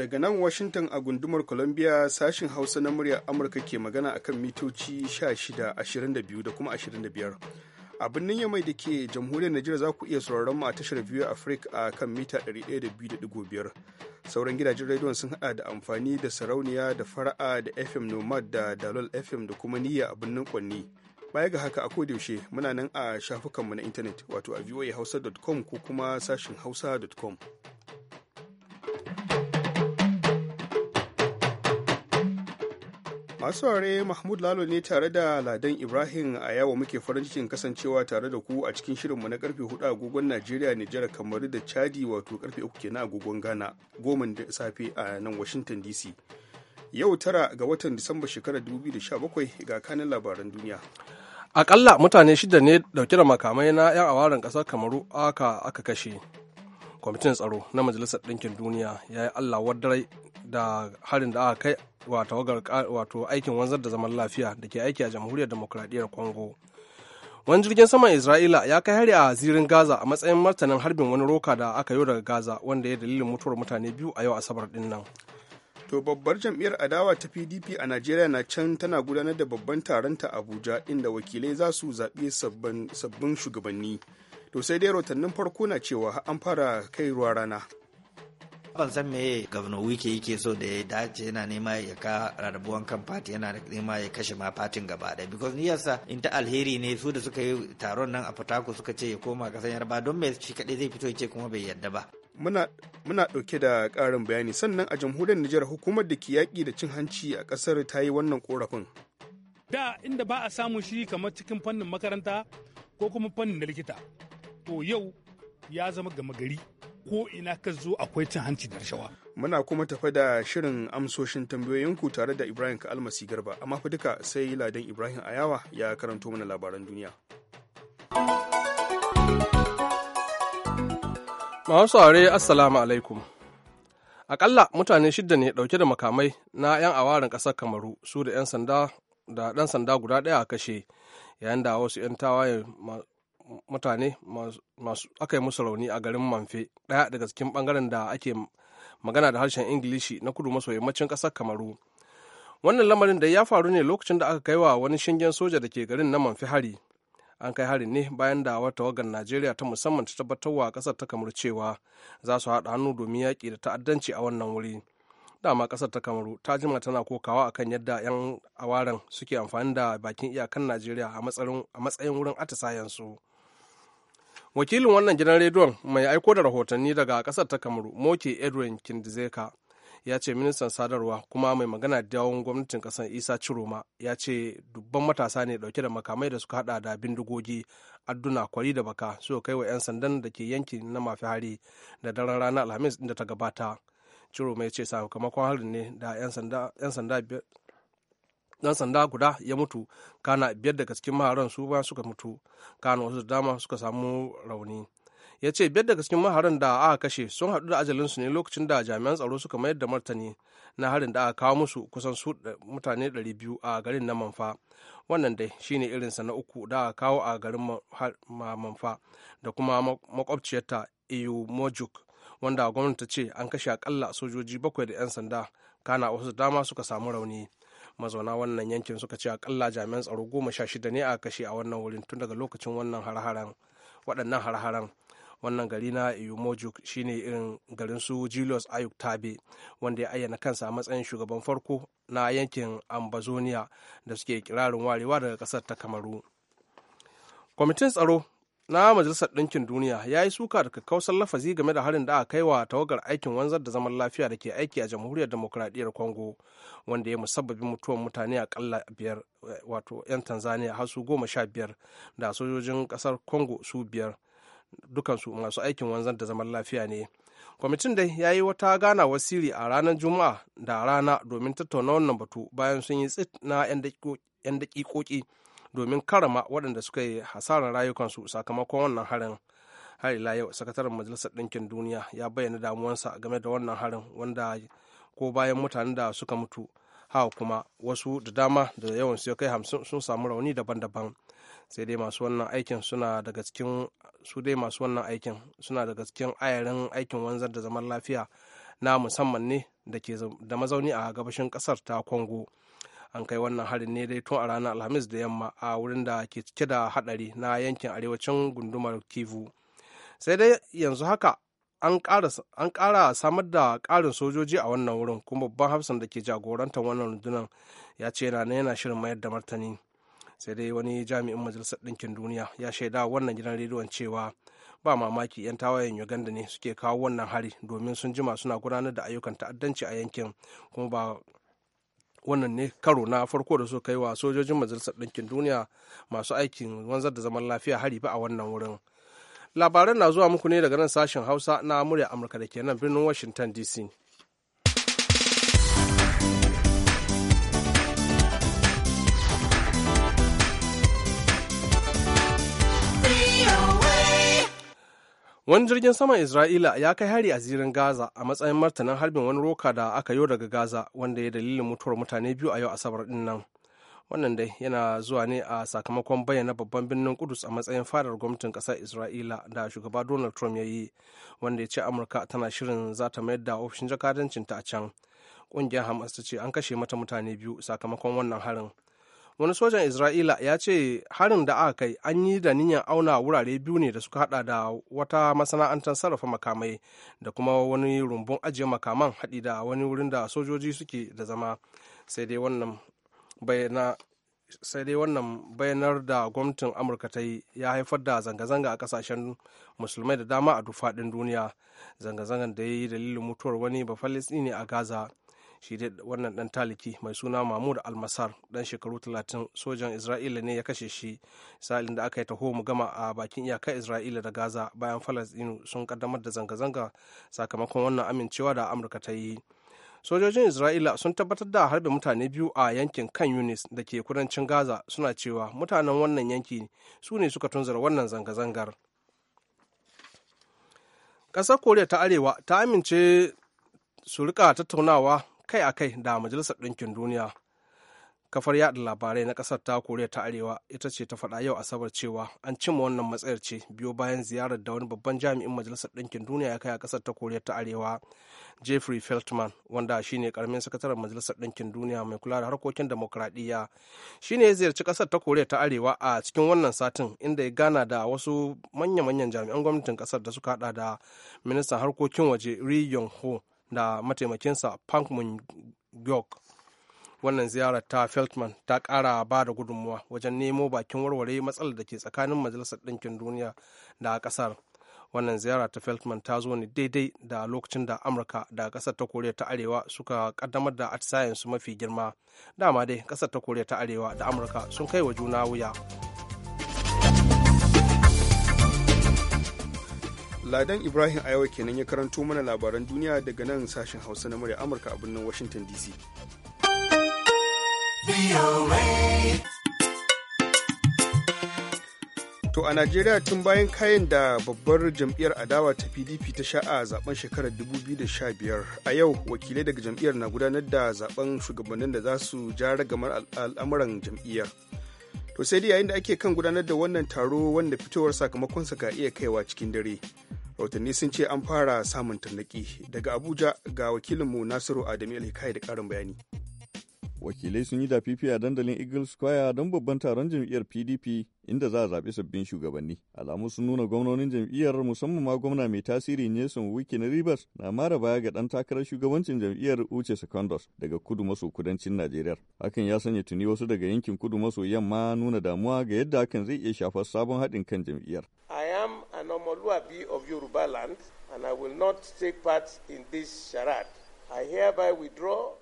daga nan washington a gundumar columbia sashin hausa na murya amurka ke magana akan mitoci 16 22 da kuma 25 a birnin yamai da ke jamhuriyar Najeriya za ku iya sauraron mu a tashar biyu Africa a kan mita 102.5 sauran gidajen rediyon sun hada da amfani da sarauniya da fara'a da FM Nomad da Dalol FM da kuma niyya a birnin Kwanni baya ga haka a yaushe muna nan a shafukanmu na intanet wato a voahausa.com ko kuma sashin hausa.com masu ware mahmud lalo ne tare da ladan ibrahim a yawa muke farin cikin kasancewa tare da ku a cikin shirinmu na karfe 4 agogon najeriya nijar kamaru da chadi wato karfe 3 kenan agogon ghana goma da safe a nan washington dc yau tara ga watan disamba shekarar 2017 ga kanin labaran duniya akalla mutane shida ne dauke da makamai na 'yan awaren kasar kamaru aka aka kashe kwamitin tsaro na majalisar ɗinkin duniya ya yi allah wadarai da harin da aka kai wato aikin wanzar da zaman lafiya da ke aiki a jamhuriyar demokradiyyar congo wani jirgin saman isra'ila ya kai hari a zirin gaza a matsayin martanin harbin wani roka da aka yi daga gaza wanda ya dalilin mutuwar mutane biyu a yau asabar din nan to babbar jam'iyyar adawa ta pdp a najeriya na can tana gudanar da babban taron ta abuja inda wakilai za su zaɓi sabbin shugabanni to sai dai rotannin farko na cewa an fara kai ruwa rana ban san meye gavano wike yake so da ya dace yana nema ya ka rarrabuwan kan fati yana nema ya kashe ma fatin gaba da because yasa in ta alheri ne su da suka yi taron nan a fatako suka ce ya koma kasan yarba don me shi kadai zai fito ya ce kuma bai yarda ba muna muna ɗauke da karin bayani sannan a jamhuriyar Nijar hukumar da ke yaki da cin hanci a kasar ta yi wannan korafin Da inda ba a samu shi kamar cikin fannin makaranta ko kuma fannin likita. to yau ya zama gama gari ko ina ka zo akwai cin hanci da rashawa. Muna kuma tafa da shirin amsoshin tambayoyinku tare da Ibrahim Almasi Garba, amma fa duka sai Ladan Ibrahim Ayawa ya karanto mana labaran duniya. Masu saurare Assalamu alaikum. Akalla mutane shidda ne ɗauke da makamai na 'yan awarin ƙasar Kamaru su da 'yan sanda ɗan sanda guda ɗaya a kashe yayin da wasu 'yan tawaye mutane masu aka yi musu rauni a garin manfe ɗaya daga cikin ɓangaren da ake magana da harshen ingilishi na kudu maso yammacin ƙasar kamaru wannan lamarin da ya faru ne lokacin da aka kai wa wani shingen soja da ke garin na manfe hari an kai hari ne bayan da wata wagar najeriya ta musamman ta tabbatar wa kasar ta kamaru cewa za su haɗa hannu domin yaƙi da ta'addanci a wannan wuri dama ƙasar ta kamaru ta jima tana kokawa akan yadda 'yan awaren suke amfani da bakin iyakan najeriya a matsayin wurin atisayensu wakilin wannan gidan rediyon mai aiko da rahotanni daga kasar ta kamaru moke edwin kindizeka ya ce ministan sadarwa kuma mai magana da yawon gwamnatin kasar isa ciroma ya ce dubban matasa ne dauke da makamai da suka hada da bindigogi adduna kwari da baka su kai wa 'yan sandan da ke yanki na mafi hari da daren ranar alhamis da ta gabata ciroma ya ce sakamakon harin ne da 'yan sanda dan sanda guda ya mutu kana biyar daga cikin maharan su ba suka mutu kana wasu dama suka samu rauni ya ce biyar daga cikin maharan da aka kashe sun haɗu da ajalinsu ne lokacin da jami'an tsaro suka mayar da martani na harin da aka kawo musu kusan su mutane 200 a garin na manfa wannan dai shine irin sa na uku da aka kawo a garin manfa da kuma makwabciyarta iyo mojuk wanda gwamnati ce an kashe akalla sojoji bakwai da 'yan sanda kana wasu dama suka samu rauni mazauna wannan yankin suka ce akalla jami'an tsaro goma sha shida ne a kashe a wannan wurin tun daga lokacin wannan har waɗannan har-haren wannan gari na iyumoju shine irin garin su julius ayuk tabe wanda ya ayyana kansa a matsayin shugaban farko na yankin ambazonia da suke kirarin warewa daga ƙasar ta kamaru kwamitin tsaro na majalisar ɗinkin duniya ya yi suka da kakkausar lafazi game da harin da aka kai wa tawagar aikin wanzar da zaman lafiya da ke aiki a jamhuriyar demokuraɗiyyar congo wanda ya musabbabi mutuwar mutane akalla biyar wato 'yan tanzania har su goma sha biyar da sojojin kasar kongo su biyar dukansu masu aikin wanzar da zaman lafiya ne kwamitin dai ya yi wata ganawar siri a ranar juma'a da rana domin tattauna wannan batu bayan sun yi tsit na 'yan daƙiƙoƙi domin karama waɗanda suka yi hasarar rayukansu sakamakon wannan harin har ila yau sakataren majalisar ɗinkin duniya ya bayyana damuwansa game da wannan harin wanda ko bayan mutanen da suka mutu haka kuma wasu da dama da yawan su kai hamsin sun samu rauni daban-daban sai dai masu wannan aikin suna daga cikin su dai masu wannan aikin suna daga cikin ayarin aikin wanzar da zaman lafiya na musamman ne da ke da mazauni a gabashin kasar ta congo an kai wannan harin ne dai tun a ranar alhamis da yamma a wurin da ke cike da hadari na yankin arewacin gundumar kivu sai dai yanzu haka an kara samar da ƙarin sojoji a wannan wurin kuma babban hafsan da ke jagorantar wannan rundunar ya ce yana yana shirin mayar da martani sai dai wani jami'in majalisar ɗinkin duniya ya shaida wannan gidan rediyon cewa ba mamaki 'yan tawayen uganda ne suke kawo wannan hari domin sun jima suna gudanar da ayyukan ta'addanci a yankin kuma ba wannan ne karo na farko da suka yi wa sojojin majalisar ɗinkin duniya masu aikin wanzar da zaman lafiya hari ba a wannan wurin labaran na zuwa muku ne daga nan sashen hausa na murya amurka da ke nan birnin washington dc wani jirgin saman isra'ila ya kai hari a zirin gaza a matsayin martanin harbin wani roka da aka yi daga gaza wanda ya dalilin mutuwar mutane biyu a yau asabar din nan wannan dai yana zuwa ne a sakamakon bayyana babban birnin kudus a matsayin fadar gwamnatin kasar isra'ila da shugaba donald trump ya yi wanda ya ce amurka tana shirin za ta mayar da ofishin jakadancinta a can ƙungiyar hamas ta ce an kashe mata mutane biyu sakamakon wannan harin wani sojan isra'ila ya ce harin da aka kai an yi da niyan auna wurare biyu ne da suka hada da wata masana'antar sarrafa makamai da kuma wani rumbun ajiye makaman haɗi da wani wurin da sojoji suke da zama sai dai wannan bayanar da gwamnatin amurka ta yi ya haifar da zanga-zanga a kasashen musulmai da dama a dufaɗin duniya zanga zangan da ya yi dalilin mutuwar wani bafalistini a gaza shi dai wannan dan taliki mai suna mahmud almasar dan shekaru 30 sojan isra'ila ne ya kashe shi sa'ilin da aka yi taho mu gama a bakin iyakar isra'ila da gaza bayan falastinu sun kaddamar da zanga-zanga sakamakon wannan amincewa da amurka ta yi sojojin isra'ila sun tabbatar da harbe mutane biyu a yankin kan yunis da ke kudancin gaza suna cewa mutanen wannan yanki su ne suka tunzura wannan zanga-zangar ƙasar koriya ta arewa ta amince su rika tattaunawa kai a kai da majalisar ɗinkin duniya kafar yada labarai na ƙasar ta koriya ta arewa ita ce ta faɗa yau asabar cewa an cimma wannan matsayar ce biyo bayan ziyarar da wani babban jami'in majalisar ɗinkin duniya ya kai a ƙasar ta koriya ta arewa jeffrey feltman wanda shine karamin sakataren majalisar ɗinkin duniya mai kula da harkokin demokuraɗiyya shine ya ziyarci ƙasar ta koriya ta arewa a cikin wannan satin inda ya gana da wasu manya-manyan jami'an gwamnatin ƙasar da suka haɗa da ministan harkokin waje ri yong ho da mataimakinsa Park Mun Gyok. Wannan ziyarar ta Feltman ta kara ba da gudunmuwa wajen nemo bakin warware matsalar da ke tsakanin Majalisar Ɗinkin Duniya da ƙasar. Wannan ziyara ta Feltman ta zo ne daidai da lokacin da Amurka da ƙasar ta Koriya ta Arewa suka ƙaddamar da atisayensu mafi girma. Dama dai ƙasar ta Koriya ta Arewa da Amurka sun kai wa juna wuya. Ladan Ibrahim a kenan ya karanto mana labaran duniya daga nan sashen Hausa na murya Amurka a birnin Washington DC. To a Najeriya tun bayan kayan da babbar jam'iyyar adawa ta PDP ta sha a zaben shekarar 2015 a yau wakilai daga jam'iyyar na gudanar da zaben shugabannin da za su ja ragamar al'amuran jam'iyyar. To sai dai yayin da ake kan gudanar da wannan taro wanda fitowar sakamakonsa ka iya kaiwa cikin dare. rahotanni sun ce an fara samun tarnaki daga abuja ga wakilinmu nasiru adamu alhikai da karin bayani wakilai sun yi da a dandalin eagle square don babban taron jam'iyyar pdp inda za a zaɓi sabbin shugabanni alamu sun nuna gwamnonin jam'iyyar musamman ma gwamna mai tasiri nelson wiki na rivers na mara baya ga ɗan takarar shugabancin jam'iyyar uche secondos daga kudu maso kudancin najeriya hakan ya sanya tuni wasu daga yankin kudu maso yamma nuna damuwa ga yadda hakan zai iya shafar sabon haɗin kan jam'iyyar i am an omoluabi of yoruba land and i will not take part in this charade i hereby withdraw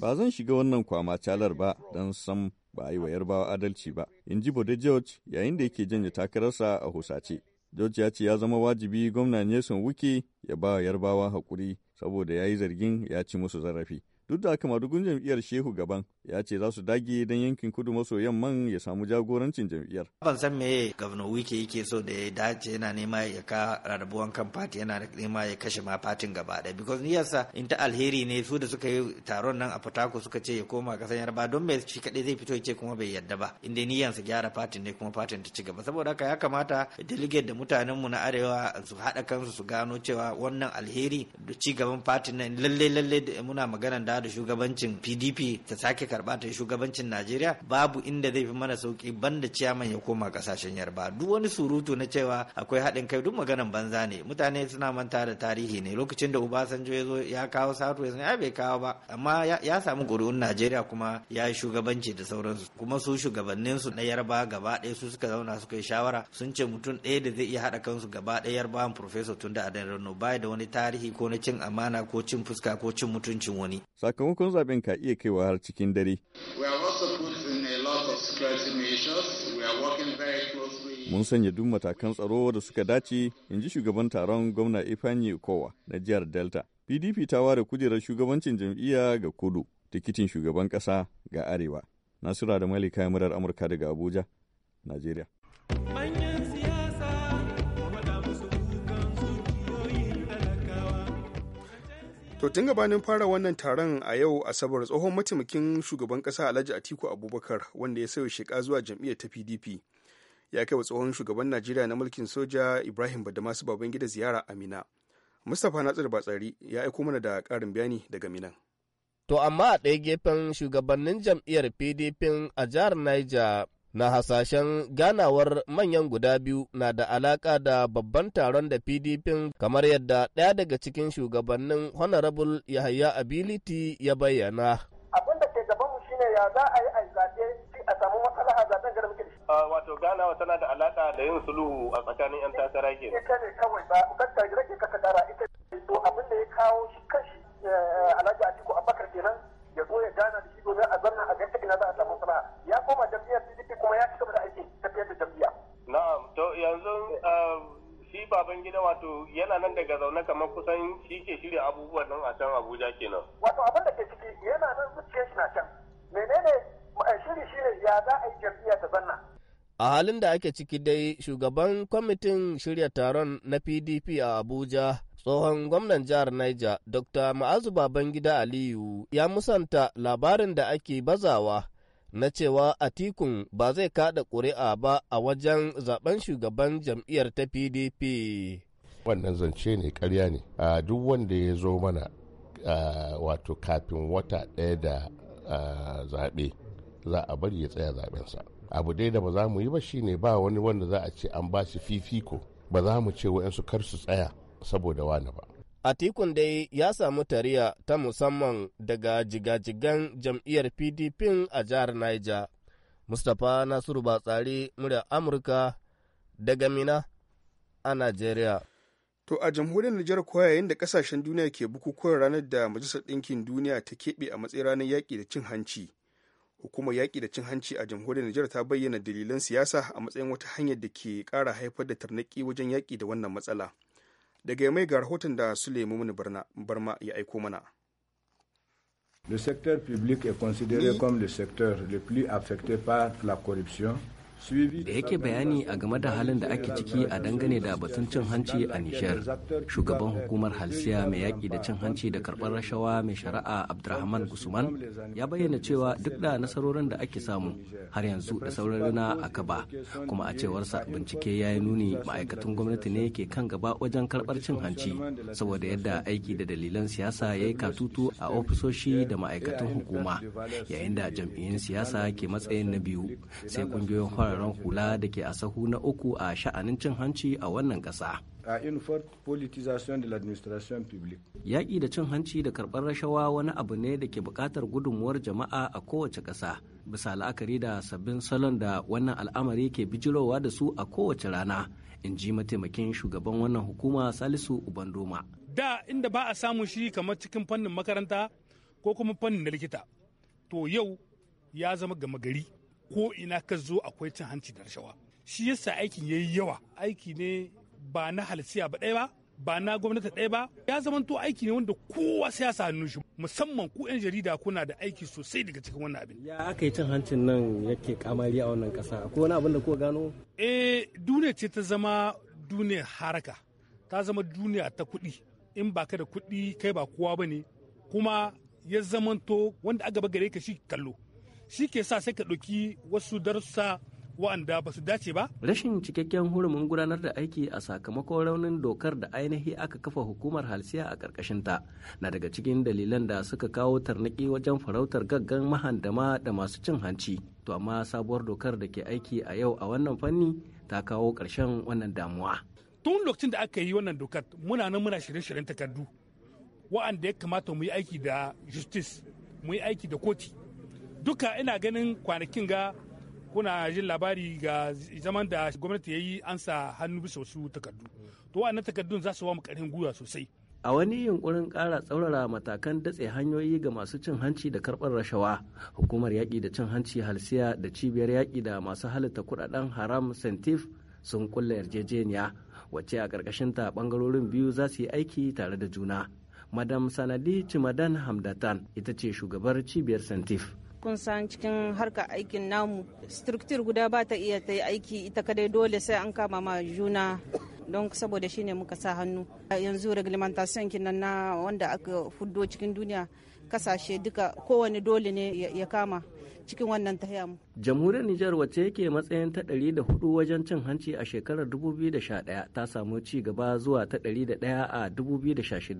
Ba zan shiga wannan kwama calar ba don sam ba a yi wa yarbawa adalci ba, in ji Bode George yayin da yake janye takararsa a husace. George ya ce ya zama wajibi gwamna Nelson Wuke ya ba wa yarbawa haƙuri saboda ya yi zargin ya ci musu zarafi. duk da haka madugun jam'iyyar shehu gaban ya ce za su dage don yankin kudu maso yamman ya samu jagorancin jam'iyyar. ban san me gwamna wike yake so da ya dace yana nema ya ka rarrabuwan kan fati yana nema ya kashe ma fatin gaba ɗaya because yasa in ta alheri ne su da suka yi taron nan a fatako suka ce ya koma kasan yarba don me shi kaɗai zai fito ya ce kuma bai yarda ba inda sa gyara fatin ne kuma fatin ta ci gaba saboda haka ya kamata delegate da mutanenmu na arewa su haɗa kansu su gano cewa wannan alheri da ci gaban fatin nan lalle lalle muna maganar da da shugabancin pdp ta sake karba ta shugabancin najeriya babu inda zai fi mana sauki banda ciyaman ya koma kasashen yarba duk wani surutu na cewa akwai haɗin kai duk maganan banza ne mutane suna manta da tarihi ne lokacin da obasanjo ya zo ya kawo sato ya ya bai kawo ba amma ya samu ƙuri'un najeriya kuma ya yi shugabanci da sauransu kuma su shugabanninsu na yarba gaba ɗaya su suka zauna suka yi shawara sun ce mutum ɗaya da zai iya haɗa kansu gaba ɗaya yarba professor tunda adan rano baya da wani tarihi ko na cin amana ko cin fuska ko cin mutuncin wani sakamakon zaben ka iya kaiwa har cikin dare. Mun sanya duk matakan tsaro da suka dace, in ji shugaban taron gwamna Ifeanyi Kowa na jihar Delta. PDP ta ware kujerar shugabancin jam'iyya ga kudu, tikitin shugaban ƙasa ga arewa. Nasura da Malika murar Amurka daga Abuja, Najeriya. To tun gabanin fara wannan taron a yau Asabar tsohon mataimakin shugaban kasa Alhaji Atiku Abubakar wanda ya sayo sheka zuwa jam'iyyar ta PDP ya kai wa tsohon shugaban Najeriya na mulkin soja Ibrahim Badamasu Babangida ziyara Amina. Mustapha Natsir Batsari ya aiko mana da karin bayani daga Minan. To amma a ɗaya gefen shugabannin jam'iyyar PDP a jihar Niger na hasashen ganawar manyan guda biyu na da alaka da babban taron da pdp kamar yadda ɗaya daga cikin shugabannin honorable yahaya ability ya bayyana abin da ke gabanmu shine ya za a yi a zaɓe a samu matsala a zaɓen garin muke ah, wato ganawa tana da alaka da yin sulhu a tsakanin yan tasara ke ita ne kawai ba ukanta ke kasa dara ita to abin da ya kawo shi kashi eh, alhaji atiku abakar kenan ya zo ya gana da shi domin a zanna a ganta ina za a samu sana'a ya koma jam'iyyar PDP kuma ya cika da aiki tafiyar da jam'iyya. Na'am to yanzu um, shi baban gida wato yana nan daga zaune kamar kusan shi ke shirya abubuwan nan a can Abuja kenan. Wato abin da ke ciki yana nan zuciyar shi na can. Menene eh, shiri shi ya za a yi jam'iyya ta zanna. A halin da ake ciki dai shugaban kwamitin shirya taron na PDP a Abuja tsohon gwamnan jihar Niger Dr. Ma'azu Babangida Aliyu ya musanta labarin da ake bazawa na cewa Atikun ba zai kada ƙuri'a ba a wajen zaben shugaban jam'iyyar ta PDP. Wannan zance ne karya ne, a duk wanda ya zo mana wato kafin wata ɗaya da zaɓe za a bari ya tsaya zaɓensa. Abu dai da ba za mu yi ba shine ba wani wanda za a ce an ba shi fifiko ba za mu ce wa'yansu kar su tsaya saboda wani ba. Atikun dai ya samu tariya ta musamman daga jigajigan jam'iyyar PDP a jihar Niger. Mustapha Nasiru Batsari murya Amurka daga Mina a Najeriya. To a jamhuriyar Nijar kuwa yayin da kasashen duniya ke bukukuwan ranar da Majalisar Ɗinkin Duniya ta keɓe a matsayin ranar yaƙi da cin hanci. Hukumar yaƙi da cin hanci a jamhuriyar Nijar ta bayyana dalilan siyasa a matsayin wata hanyar da ke ƙara haifar da tarnaki wajen yaƙi da wannan matsala. daga mai ga rahoton da Suleiman barna Barma ya aiko mana. Le secteur public est considéré comme le secteur le plus affecté par la corruption da yake bayani a game da halin da ake ciki a dangane da batun cin hanci a nishar shugaban hukumar halsiya mai yaƙi da cin hanci da karɓar rashawa mai shari'a abdurrahman gusman ya bayyana cewa duk da nasarorin da ake samu har yanzu da sauran rana a kaba kuma a cewarsa bincike ya yi nuni ma'aikatan gwamnati ne ke kan gaba wajen karɓar cin hanci saboda yadda aiki da dalilan siyasa ya yi katutu a ofisoshi da ma'aikatan hukuma yayin da jam'iyyun siyasa ke matsayin na biyu sai kungiyoyin fararen hula da ke a sahu na uku a sha'anin cin hanci a wannan ƙasa. a politisation de Yaƙi da cin hanci da karɓar rashawa wani abu ne da ke buƙatar gudunmuwar jama'a a kowace ƙasa, bisa la'akari da sabbin salon da wannan al'amari ke bijirowa da su a kowace rana, in ji mataimakin shugaban wannan hukuma Salisu Ubandoma. Da inda ba a samun shi kamar cikin fannin makaranta ko kuma fannin likita, to yau ya zama gama gari ko ina ka zo akwai cin hanci da rashawa shi yasa aikin yayi yawa aiki ne ba na halsiya ba ɗaya ba ba na gwamnati ɗaya ba ya zamanto aiki ne wanda kowa sai ya sa hannun shi musamman ku 'yan jarida kuna da aiki sosai daga cikin wannan abin ya aka yi cin hancin nan yake kamari a wannan kasa ko wani abin da ko gano eh duniya ce ta zama duniyar haraka ta zama duniya ta kuɗi in ba ka da kuɗi kai ba kowa ba ne kuma ya zamanto wanda aka gare ka shi kallo shi ke sa sai ka ɗauki wasu darussa wa'anda ba su dace ba. Rashin cikakken hurumin gudanar da aiki a sakamakon raunin dokar da ainihi aka kafa hukumar halsiya a ƙarƙashinta na daga cikin dalilan da suka kawo tarniki wajen farautar gaggan mahandama da masu cin hanci. To amma sabuwar dokar da ke aiki a yau a wannan fanni ta kawo ƙarshen wannan damuwa. Tun lokacin da aka yi wannan dokar muna nan muna shirye-shiryen takardu wa'anda ya kamata mu yi aiki da justice mu yi aiki da koti duka ina ganin kwanakin ga kuna jin labari ga zaman da gwamnati ya yi ansa hannu bisa wasu takardu to na takardun za su wa mu karin gwiwa sosai a wani yunkurin ƙara tsaurara matakan datse hanyoyi ga masu cin hanci da karɓar rashawa hukumar yaƙi da cin hanci halsiya da cibiyar yaƙi da masu halitta kuɗaɗen haram sentif sun kulla yarjejeniya wacce a ƙarƙashinta ɓangarorin biyu za su yi aiki tare da juna madam sanadi cimadan hamdatan ita ce shugabar cibiyar sentif kun san cikin harkar aikin namu structure guda ba ta iya ta yi aiki ita kadai dole sai an kama ma juna don saboda shi ne muka sa hannu yanzu reglementation kinan na wanda aka fuddo cikin duniya kasashe duka kowane dole ne ya kama cikin wannan ta mu. jamhuriyar nijar wacce yake matsayin ta ɗari da hudu wajen cin hanci a shekarar 2011 ta samu ci gaba zuwa ta 101 a 2016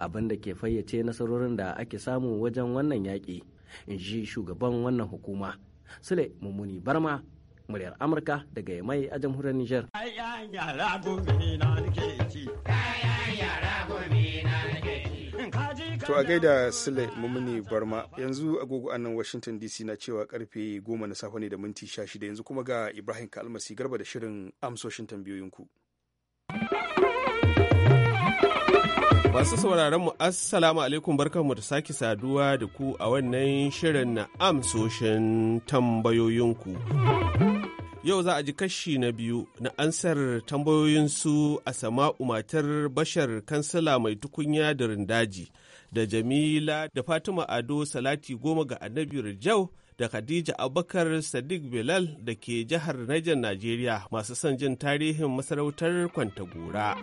abinda ke fayyace nasarorin da ake samu wajen wannan yaki. in ji shugaban wannan hukuma sule mummuni barma muryar amurka daga yamai a jamhuriyar niger To a gaida Sule mummuni Barma yanzu agogo a nan Washington DC na cewa karfe goma na safe ne da minti 16 yanzu kuma ga Ibrahim Kalmasi Garba da shirin amsoshin tambayoyinku. Masu sauraron mu Assalamu alaikum barkanmu da sake saduwa da ku a wannan shirin na amsoshin tambayoyinku. Yau za a ji kashi na biyu na ansar tambayoyinsu a sama'u matar bashar kansila mai tukunya da rindaji da Jamila da Fatima Ado Salati goma ga annabi Rijau da Khadija Abubakar Sadiq Bilal da ke jihar najan Najeriya masu son jin tarihin masarautar Kwantagora.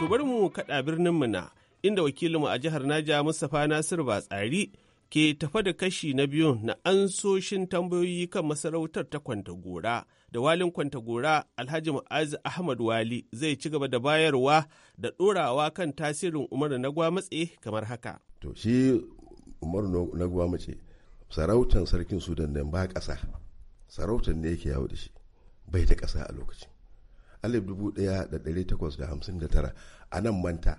To bari mu kaɗa birnin na inda wakilinmu a jihar Naja Mustapha Nasiru Batsari ke tafa da kashi na biyu na ansoshin tambayoyi kan masarautar ta Kwantagora. Da walin Kwantagora Alhaji mu'azi Ahmad Wali zai ci gaba da bayarwa da ɗorawa kan tasirin Umaru na Gwamatse kamar haka. To shi Umaru na Gwamatse sarautan sarkin Sudan nan ba ƙasa sarautan ne yake yawo da shi bai da ƙasa a lokacin. 1859 a nan manta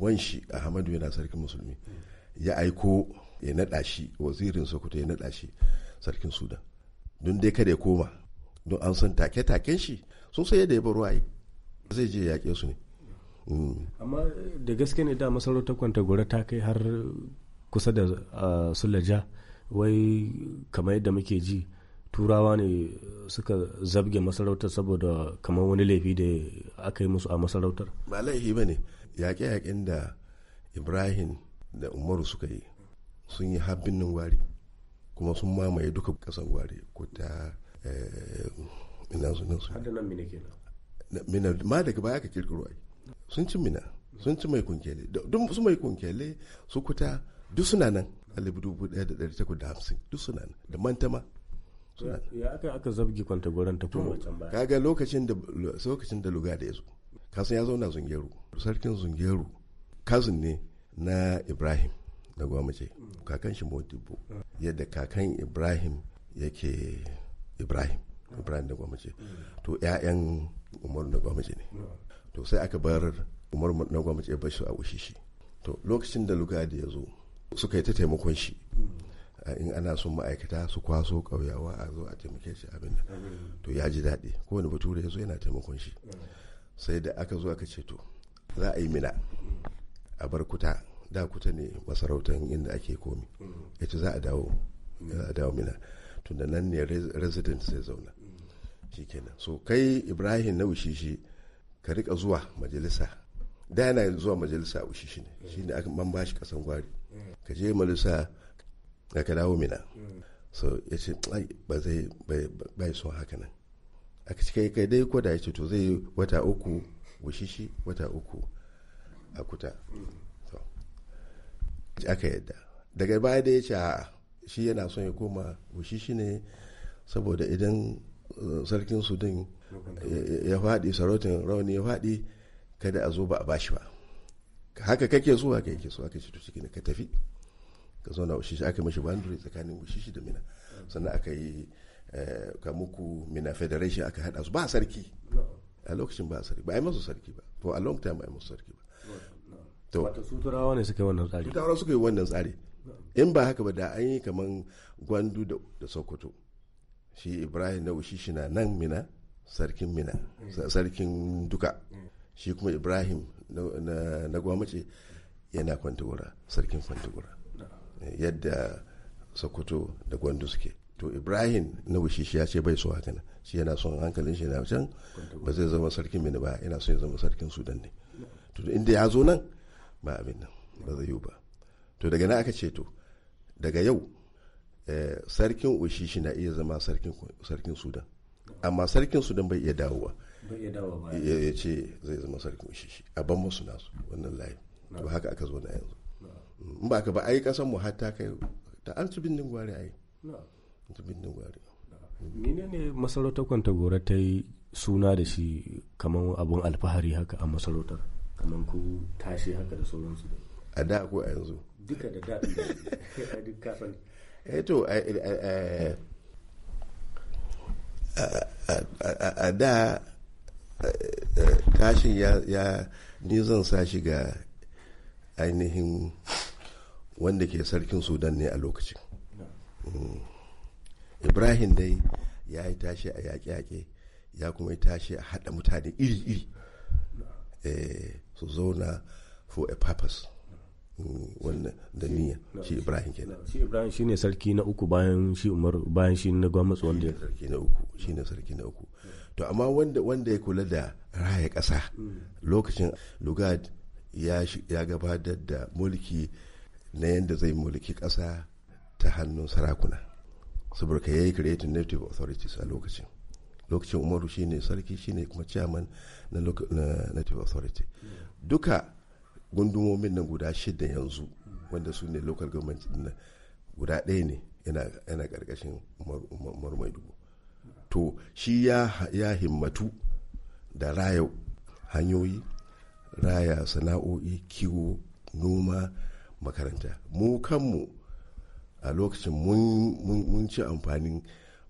wanshi ahmadu yana sarkin musulmi ya aiko ya naɗa shi wazirin sokoto ya naɗa shi sarkin sudan don dai kada ya koma don an san take-taken shi sun sai da ya bar zai je yaƙe su ne mm. amma da gaske ne da masarautar gora ta kai har kusa da ah, sulaja wai kamar yadda muke ji turawa ne suka zabge masarautar saboda kamar wani laifi da aka yi musu a masarautar ba laifi ba ne yaƙe-yaƙen da ibrahim da umaru suka yi sun yi habbinin gwari kuma sun mamaye duka ƙasar gwari ko ta eh, ina su nan ke mina ma daga baya ka kirkiro ai sun ci mina sun ci mai kunkele duk su mai kunkele su kuta duk suna nan alibu dubu ɗaya da ɗari takwas da hamsin duk suna nan da mantama ya aka aka zabgi kwanta goron ta kuma. can baya kaga lokacin da lokacin da luga da ya zo kasan ya zauna zungeru sarkin zungeru kazin ne na ibrahim da gwamnati kakan shi modibo yadda kakan ibrahim yake ibrahim ibrahim da gwamnati to ƴaƴan umar da gwamnati ne to sai aka bar umar na gwamnati ya bar shi a shi. to lokacin da luga da ya zo suka yi ta taimakon shi in ana son ma'aikata su kwaso ƙauyawa a zo a taimake shi abin da to ya ji daɗi kowane bature ya zo yana taimakon shi sai da aka zo aka ce to za a yi mina a bar kuta da kuta ne masarautar inda ake komi mm. ya ce za a dawo mm. za a dawo mina tunda nan ne resident sai zauna mm. kenan so kai ibrahim na ushishi ka rika zuwa majalisa da yana zuwa majalisa a ushishi ne shine aka ban bashi kasan gwari ka je majalisa da ka dawo mina mm. so ya ce ba zai bai son haka nan aka cika kai dai ko da ya ce to zai wata uku wushishi wata uku a kuta mm. aka yadda daga baya da ya ce a shi yana son ya koma wushishi ne saboda idan uh, sarkin sudan ya faɗi sarautin rauni ya faɗi kada a zo ba a bashi ba haka kake so haka yake so aka ce to cikin ka tafi ka zauna bushishi aka mashi boundary tsakanin bushishi da mina sannan aka yi eh, kamuku mina federation aka haɗa su ba sarki a lokacin ba sarki ba a yi masu sarki ba to a long time ba a yi masu sarki ba to wato su turawa ne suka yi wannan tsari turawa suka yi wannan tsari in ba haka ba da an yi kaman gwandu da sokoto shi ibrahim na shi na nan mina sarkin mina sarkin duka shi kuma ibrahim na gwamnati yana kwantagura sarkin kwantagura yadda sokoto da gwandu suke to ibrahim na wishishi ya ce bai so haka nan shi yana son hankalin shi na can ba zai zama sarkin mini ba yana son ya zama sarkin sudan ne to inda ya zo nan ba abin nan ba zai yi ba to daga nan aka ce to daga yau eh, sarkin oshishi na iya zama sarkin sudan amma sarkin sudan bai iya dawowa ya ce zai zama sarkin oshishi a ban masu nasu wannan layi to haka aka zo na yanzu in ba ka ba yi kasan mu hatta kai ta an su bindin gwari yi ta bindin gwari mene ne masarautar gora ta yi suna da shi kamar abun alfahari haka a masarautar kamar ku tashi haka da sauransu a da ko a yanzu duka da da a duk kasan eto a da tashin ya ni zan sa shi ga ainihin wanda ke sarkin sudan ne a lokacin mm. ibrahim dai ya yi tashi a yaƙe-yaƙe ya kuma yi tashi a haɗa mutane iri-iri eh, su zauna for a purpose mm, wannan da niyya shi ibrahim kenan shi ibrahim shine sarki na uku bayan shi umar bayan shi na gwamnati wanda ya sarki na uku shine sarki na uku to amma wanda wanda ya kula da raya ƙasa mm. lokacin lugard ya gabatar da mulki na yadda zai mulki ƙasa ta hannun sarakuna saboda ya yi creating native authorities a lokacin lokacin umaru shi ne sarki shi ne kuma chairman na native authority duka gundumomin nan guda shida yanzu wanda su ne local government na guda ɗaya ne yana ƙarƙashin umaru dubu to shi ya himmatu da raya hanyoyi raya sana'o'i kiwo noma makaranta mu kanmu a lokacin mun ci amfanin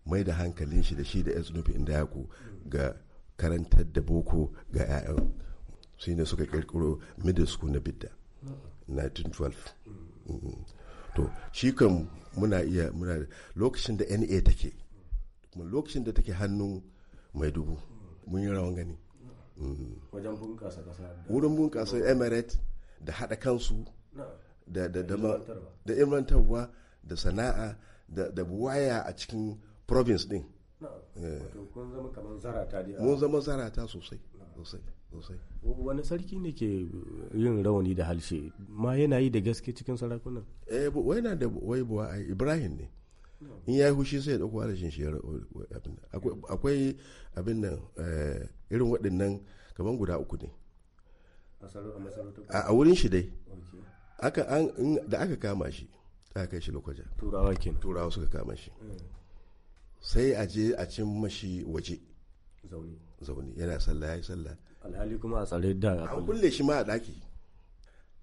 mai da hankalin shi da shi da 'yan inda yaku ga karantar da boko ga 'ya'yan su ne suka kirkiro middle school na bidda 1912 mm-hmm. to shi kan muna iya muna lokacin da na take kuma lokacin da take hannun mai dubu mun yi rawan gani mm-hmm. wajen bunkasa ƙasa wurin bunkasa emirate da haɗa kansu da da da ilmantarwa da sana'a da buwaya a cikin province din eh. mun zama zarata sosai sosai wani sarki ne ke yin rawani da halshe ma yana yi da gaske cikin sarakunan eh na da wai buwa a ibrahim ne in ya yi hushi sai ya ɗauko harshen shi akwai abin nan eh, irin waɗannan kamar guda uku ne a wurin shi dai aka an da aka kama shi aka kai shi lokaja turawa ke turawa suka kama shi eh. sai a je a cin mashi waje zaune yana sallah yi sallah alhali kuma a tsare da a kulle shi ma a daki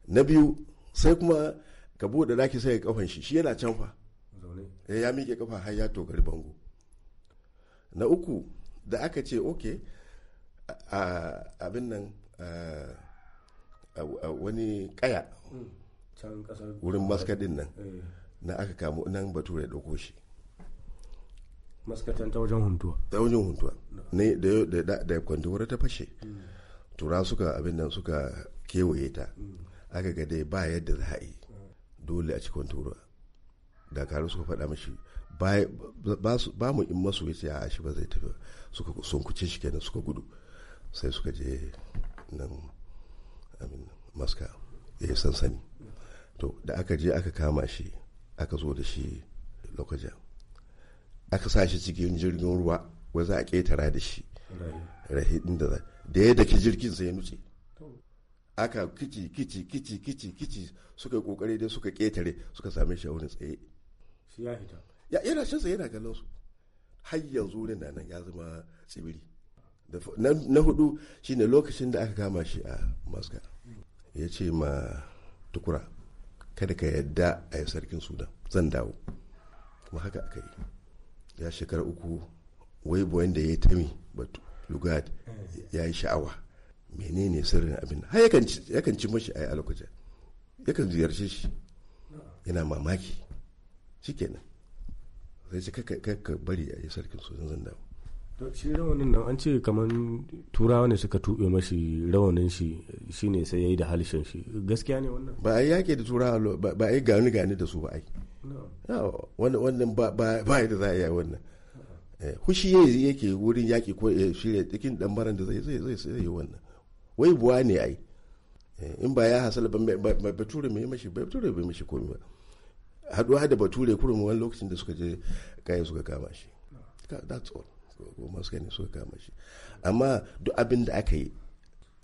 na biyu sai kuma ka bude daki sai ya kafan shi shi yana can fa zaune eh, ya miƙe kafa har ya tokari bango na uku da aka ce okay abin nan wani kaya hmm. wurin maskadin nan eh. na aka kamo nan bature ya ɗauko shi maskatan ta wajen huntuwa ta wajen huntuwa ne da da kwantawar ta fashe hmm. tura suka abin nan suka kewaye ta hmm. aka ga dai ba yadda za a yi hmm. dole a cikin tura karu suka faɗa mashi ba mu in masu yace a shi ba zai tafi suka sun kuce shi kenan suka gudu sai suka je nan amin maska ya sansani to da aka je aka kama shi aka zo da shi lokacin aka sa shi cikin jirgin ruwa wai za a ƙetara da shi rahidin da da ya daki jirgin sai ya nutse aka kici kici kici kici kici suka kokare dai suka ƙetare suka same shi a wani tsaye ya yana shan tsaye yana kallon su har yanzu ne nan ya zama tsibiri na hudu shine lokacin da aka kama shi a maska ya ce ma tukura kada ka yadda a yi sarkin sudan zan dawo kuma haka aka yi ya shekara uku wai boyan da ya yi tami but lugard ya yi sha'awa menene sirrin abin har yakan ci mashi a yi lokacin yakan ziyarce shi yana mamaki shikenan sai ce ka bari a yi sarkin sudan zan dawo shi rawanin nan an ce kamar turawa ne suka tuɓe mashi rawanin shi shine sai ya yi da halishin shi gaskiya ne wannan ba a yi yaƙi da turawa ba a yi gani gani da su ba yi wannan ba a yi da za a yi wannan hushi eh, yake wurin yaƙi ko ya eh, shirya cikin ɗanbaran da zai zai zai yi wannan wai buwa ne ai eh, in ba ya hasala ba bature mai mashi bature bai mashi komi ba haɗuwa da bature kurum wani lokacin da suka je kayan suka kama shi that's all goma suka suka kama shi amma duk abin da aka yi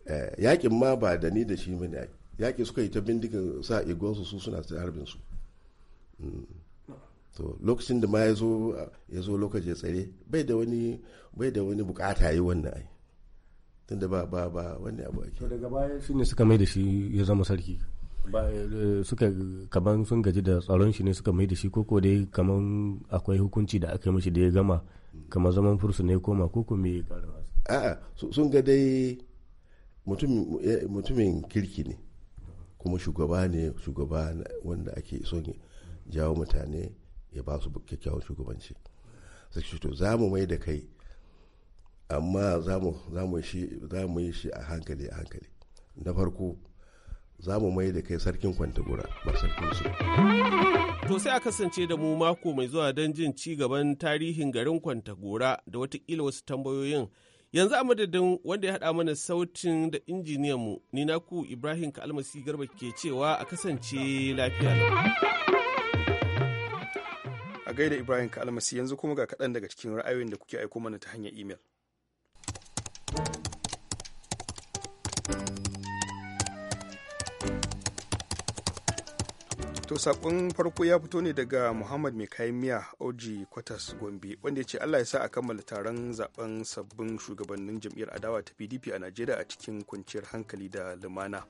eh, yakin ma ba da ni da shi mani yaƙi suka yi ta bindigan sa igonsu su suna ta harbin su mm. to lokacin da ma ya zo ya zo lokaci ya tsare bai da wani bai da wani bukata yi wannan ai tunda ba ba ba wani abu ake to daga baya shine suka mai da shi ya zama sarki Eh, suka kaman sun gaji da tsaron shi ne suka mai da shi koko dai kaman akwai hukunci da aka yi mishi da ya gama kamar zaman fursu ne koma koko karuwa a'a sun ga dai eh, mutumin kirki ne kuma shugaba ne shugaba wanda ake son jawo mutane ya ba su kyakkyawan shugabanci sai to za mu mai da kai amma za mu yi shi a hankali a hankali na farko za mu mai da kai sarkin kwantagura ba sarkin su. To sai a kasance da mu mako mai zuwa don jin ci gaban tarihin garin kwantagora da watakila wasu tambayoyin. Yanzu a madadin wanda ya haɗa mana sautin da injiniyan mu ni naku Ibrahim Kalmasi Garba ke cewa a kasance lafiya. A gaida Ibrahim Kalmasi yanzu kuma ga kaɗan daga cikin ra'ayoyin da kuke aiko mana ta hanyar imel. to sakon farko ya fito ne daga muhammad mai kayan miya oji kwatas gombe wanda ya ce allah ya sa a kammala taron zaben sabbin shugabannin jam'iyyar adawa ta pdp a najeriya a cikin kwanciyar hankali da lumana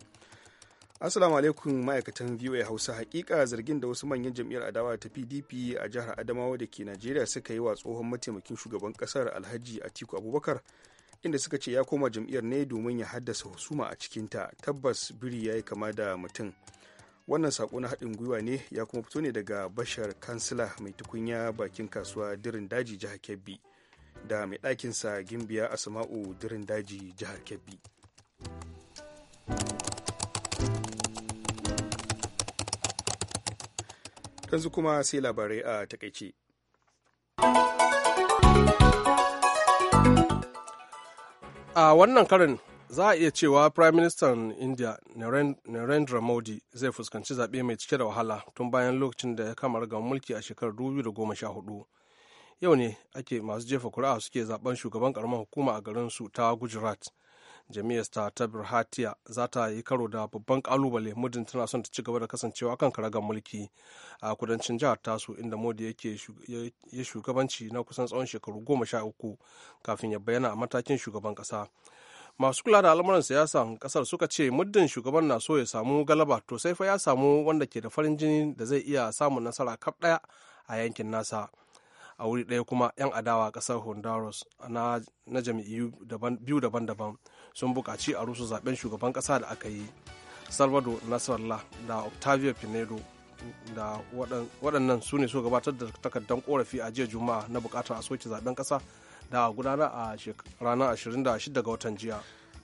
Assalamu alaikum ma'aikatan VOA Hausa hakika zargin da wasu manyan jam'iyyar adawa ta PDP a jihar Adamawa da ke Najeriya suka yi wa tsohon mataimakin shugaban kasar Alhaji Atiku Abubakar inda suka ce ya koma jam'iyyar ne domin ya haddasa husuma a cikinta tabbas biri ya yi kama da mutum. wannan sako na haɗin gwiwa ne ya kuma fito ne daga bashar kansila mai tukunya bakin kasuwa dirin daji jihar kebbi da mai ɗakinsa gimbiya a asma'u dirin daji jihar kebbi yanzu kuma sai labarai a takaice a wannan karin za a iya cewa prime minister india narendra modi zai fuskanci zaɓe mai cike da wahala tun bayan lokacin da ya kama raga mulki a shekarar 2014 yau ne ake masu jefa kuri'a suke zaben shugaban karamar hukuma a garin su ta gujarat jami'ar ta tabir hatiya za ta yi karo da babban kalubale muddin tana son ta ci gaba da kasancewa kan karagar mulki a kudancin jihar tasu inda modi yake ya shugabanci na kusan tsawon shekaru goma sha uku kafin ya bayyana a matakin shugaban kasa masu kula da al'amuran siyasa kasar suka ce muddin shugaban na so ya samu galaba to sai fa ya samu wanda ke da farin jini da zai iya samun nasara kaf daya a yankin nasa a wuri daya kuma 'yan adawa kasar honduras na jami'u biyu daban-daban sun buƙaci a rusu zaben shugaban ƙasa da aka yi salvador nasarallah da octavio pinedo da waɗannan su ne su gabatar da takardar korafi a jiya juma'a na bukatar a soke zaben ƙasa da gudanar a ranar 26 ga watan jiya.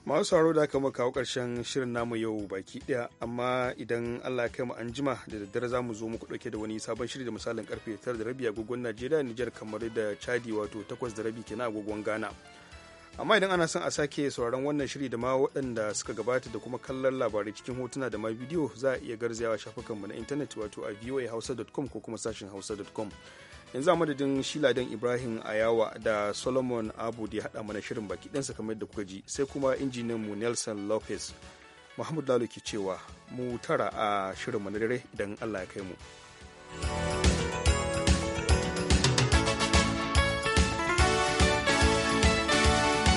masu sauraro da aka kawo karshen shirin namu yau baki daya amma idan allah ya mu anjima da daddare za mu zo muku dauke da wani sabon shiri da misalin karfe 9 da rabi agogon najeriya nijar kamar da chadi wato 8 da rabi kenan agogon ghana amma idan ana son a sake sauraron wannan shiri da ma waɗanda suka gabata da kuma kallon labarai cikin hotuna da ma bidiyo za a iya garzayawa shafukanmu na intanet wato a voahausa.com ko kuma sashin hausa.com yanzu a madadin shiladen ibrahim ayawa da solomon abu da ya haɗa mana shirin baki ɗansa kamar da kuka ji sai kuma injiniyan mu nelson lopez muhammad lalo ke cewa mu tara a shirin na dare idan allah ya kai mu.